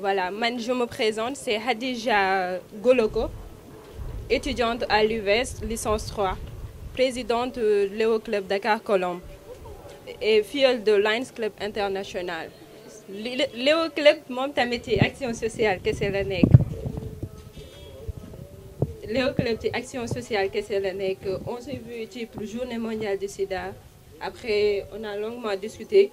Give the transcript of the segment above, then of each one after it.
Voilà, je me présente, c'est Hadija Goloko, étudiante à l'UVS, e licence 3, présidente de Léo Club Dakar Colombe et fille de Lions Club International. Léo Club, action sociale qu'est-ce que la Léo Club action sociale qu'est-ce la c'est On s'est vu la journée mondiale du sida. Après, on a longuement discuté.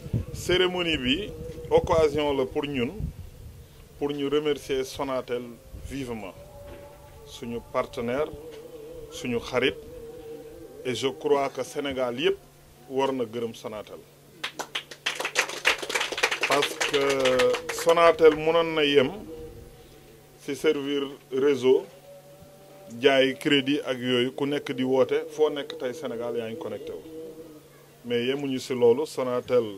cérémonie bi occasion la pour nous, pour ñu remercier Sonatel vivement suñu partenaire suñu xarit et je crois que Sénégal yépp war na gërëm Sonatel parce que Sonatel mënoon na yëm ci servir réseau jaay crédit ak yooyu ku nekk di woté fo nekk tay Sénégal yaa ngi connecté wu mais yemuñu ci lolu Sonatel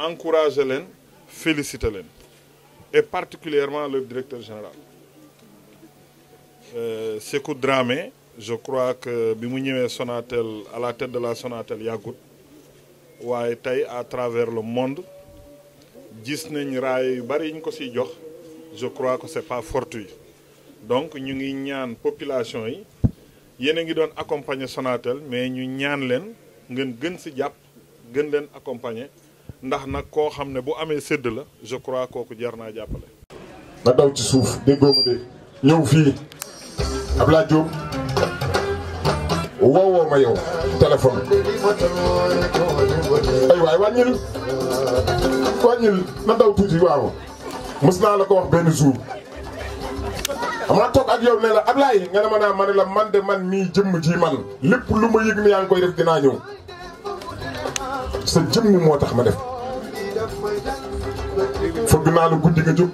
Encouragez-les, félicitez-les, et particulièrement le directeur général C'est euh, un drame, je crois que bi mu à la tête de la Sonatel Yagout, qui est à travers le monde Disney, je crois que ce n'est pas fortuit donc nous avons une population qui yéen a ngi accompagner Sonatel mais nous avons leen population gën si jàpp gën ndax nag koo xam ne bu amee sédd la je crois kooku jar naa jàppale. nga daw ci suuf déggoo ma de ñëw fii Abdoulaye Diop woowoo ma yow téléphone ay waay wàññil wàññil na daw tuuti waaw mës naa la ko wax benn jour amaa toog ak yow ne la Ablaye nga ne ma naa ma ne la man de man mii jëmm ji man lépp lu ma yëg ne yaa ngi koy def dinaa ñëw sa jëmm moo tax ma def fëgg naa la guddi nga jóg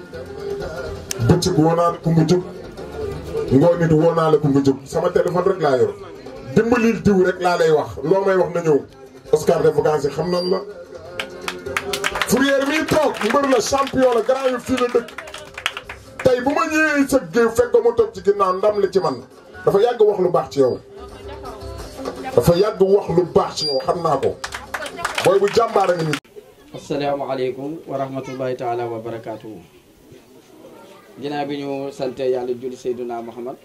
bëccëg woo naa la ku nga jóg sama téléphone rek laa yor dimbalil diw rek laa lay wax loo may wax na ñëw Oscar de vacances xam nan la Fourrière mii toog mbër la champion la fii la dëkk tey bu ma ñëwee sa géew fekk ma toog ci ginnaaw ndam la ci man dafa yàgg wax lu baax ci yow dafa yàgg wax lu baax ci yow xam naa ko booy bu jàmbaar a ngi nii. asalaamaaleykum wa rahmatullahi taala wa barakaatu. ginnaaw bi ñu sante yàlla julli Seyduna Muhammad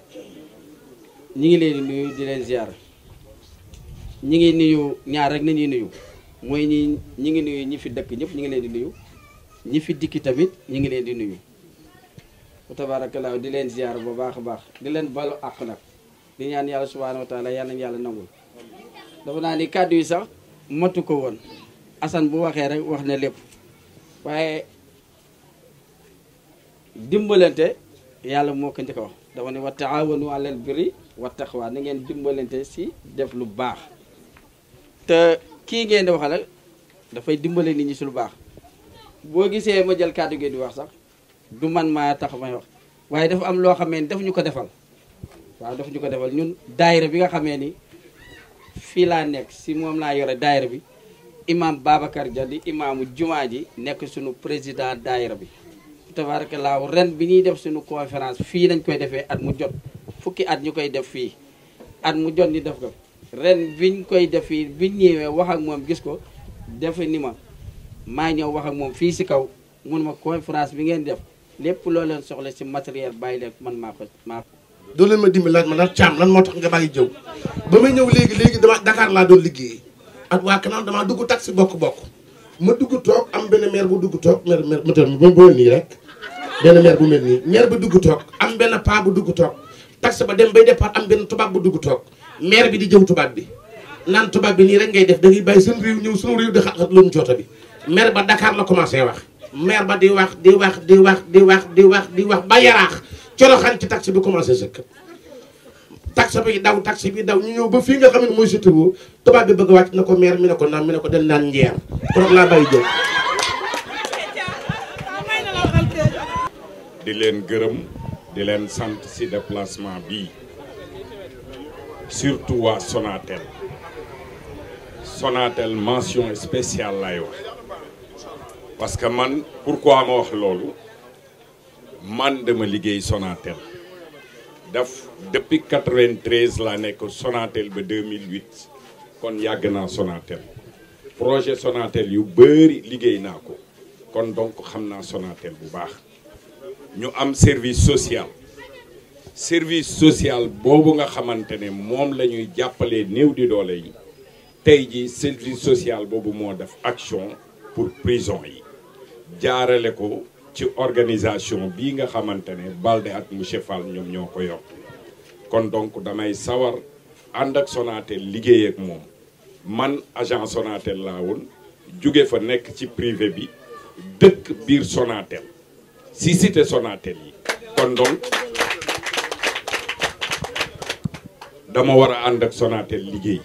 ñi ngi leen di nuyu di leen ziar ñi ngi nuyu ñaar rek nañuy nuyu mooy ñi ñi ngi nuyu ñi fi dëkk ñëpp ñi ngi leen di nuyu ñi fi dikk tamit ñi ngi leen di nuyu tabaarakallaa di leen ziar bu baax a baax di leen balu àq nag di ñaan yàlla subhaanahu wa taala yàlla nañ dafa naa ni kàddu yi sax matu ko woon Assane bu waxee rek wax na lépp waaye dimbalante yàlla moo ko njëkk a wax dama ne wa taawanu alal birri wa taqwa na ngeen dimbalante si def lu baax te kii ngeen di waxal dafay dimbale ni ñi si lu baax boo gisee ma jël kàddu gi di wax sax du man maa tax may wax waaye dafa am loo xamee ni daf ñu ko defal waaw daf ñu ko defal ñun daayira bi nga xamee ni fii laa nekk si moom laa yore daayira bi imam Babacar Dia di imaamu jumaa ji nekk suñu président daayira bi tabaarakallaahu ren bi ñuy def suñu conférence fii lañ koy defee at mu jot fukki at ñu koy def fii at mu jot ñu def ko ren biñ koy def fii biñ ñëwee wax ak moom gis ko def ni ma maa ñëw wax ak moom fii si kaw mun ma conférence bi ngeen def lépp loo leen soxla si matériel bàyyi leen man maa ko maa doo leen ma dimbali laaj ma na caam lan moo tax nga bàyyi jëw ba may ñëw léegi léegi dama Dakar laa doon liggéey ak waa kanam damaa dugg taxi bokk-bokk ma dugg toog am benn maire bu dugg toog maire maire moteur bi nii rek benn maire bu mel nii maire bu dugg toog am benn paa bu dugg toog taxi ba dem bay départ am benn tubaab bu dugg toog maire bi di jëw tubaab bi naan tubaab bi nii rek ngay def da ngay bàyyi seen ñëw sunu réew di xat-xat loolu joota bi maire ba Dakar na commencé wax maire ba di wax di wax di wax di wax di wax di wax ba yaraax coroxaan ci taxi bi commencé sëkk taxi bi daw taxi bi daw ñu ñëw ba fii nga xam ne mooy surtout tubaab bi bëgg wàcc na ko meer mi ne ko naan ko dem naan njeer koroog laa bàyyi jóg di leen gërëm di leen sant si déplacement bi surtout waa Sonatel Sonatel mention spéciale lay wax parce que man pourquoi ma wax loolu man dama liguey Sonatel daf depuis 93 la nek Sonatel ba 2008 kon yàgg naa Sonatel projet Sonatel yu beuri liguey nako kon donc xamna Sonatel bu baax ñu am service social service social bobu nga xamantene mom lañuy jappalé new di doole yi tey ji service social bobu mo def action pour prison yi jaarale ko ci organisation bii nga xamante ne Balde ak monsieur Fall ñoom ñoo ko yokk kon donc damay sawar ànd ak Sonatel liggéey ak moom man agent Sonatel laa woon jóge fa nekk ci privé bi dëkk biir Sonatel si cité Sonatel yi kon donc dama war a ànd ak Sonatel liggéey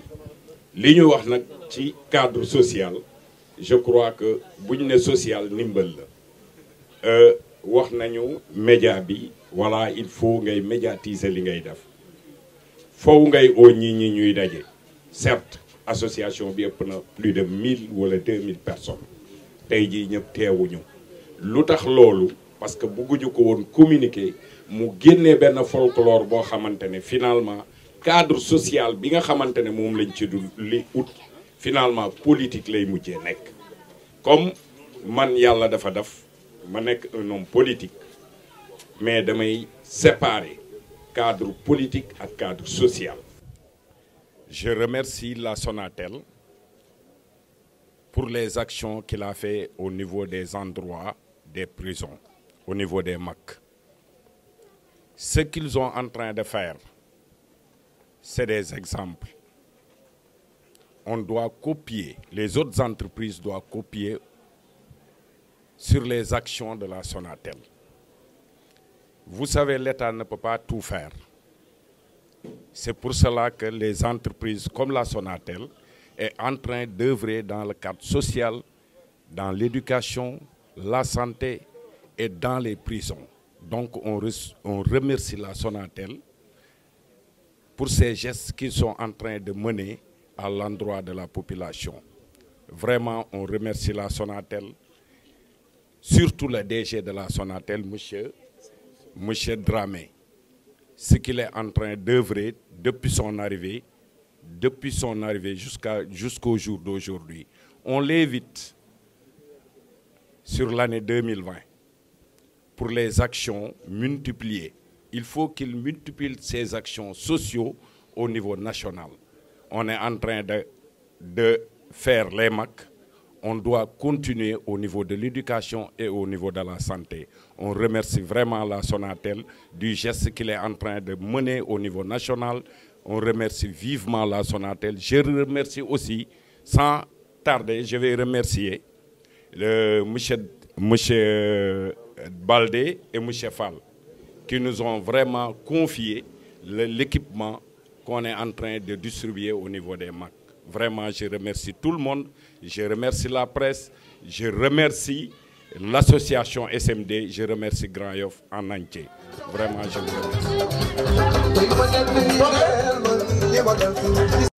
li ñu wax nag ci cadre social je crois que bu ñu ne social ndimbal la Euh, wax nañu média bi wala il faut ngay médiatiser li ngay def foofu ngay oo ñi ñi ñuy daje certes association bi ëpp na plus de mille wala deux mille personnes tey jii ñëpp teewuñu lu tax loolu parce que bëgguñu ko woon communiquer mu génnee benn folklore boo xamante ne finalement cadre social bi nga xamante ne moom lañ ci du li ut finalement politique lay mujjee nekk comme man yàlla dafa def suis un homme politique mais me séparer cadre politique à cadre social. Je remercie la Sonatel pour les actions qu'elle a faites au niveau des endroits des prisons, au niveau des MAC. Ce qu'ils sont en train de faire, c'est des exemples. On doit copier, les autres entreprises doivent copier sur les actions de la Sonatel. Vous savez, l'État ne peut pas tout faire. C'est pour cela que les entreprises comme la Sonatel sont en train d'œuvrer dans le cadre social, dans l'éducation, la santé et dans les prisons. Donc on, remercie la Sonatel pour ces gestes qu'ils sont en train de mener à l'endroit de la population. Vraiment, on remercie la Sonatel surtout le DG de la Sonatel, monsieur, monsieur Dramé, ce qu'il est en train d'œuvrer depuis son arrivée, depuis son arrivée jusqu'à, jusqu'au jour d'aujourd'hui. On l'évite sur l'année 2020 pour les actions multipliées. Il faut qu'il multiplie ses actions sociaux au niveau national. On est en train de, faire les on doit continuer au niveau de l'éducation et au niveau de la santé. On remercie vraiment la Sonatel du geste qu'il est en train de mener au niveau national. On remercie vivement la Sonatel. Je remercie aussi, sans tarder, je vais remercier le, monsieur, Baldé et M. Fall qui nous ont vraiment confié l'équipement qu'on est en train de distribuer au niveau des MAC. Vraiment, je remercie tout le monde. Je remercie la presse. Je remercie l'association SMD. Je remercie Grand Yoff en entier. Vraiment, je vous remercie.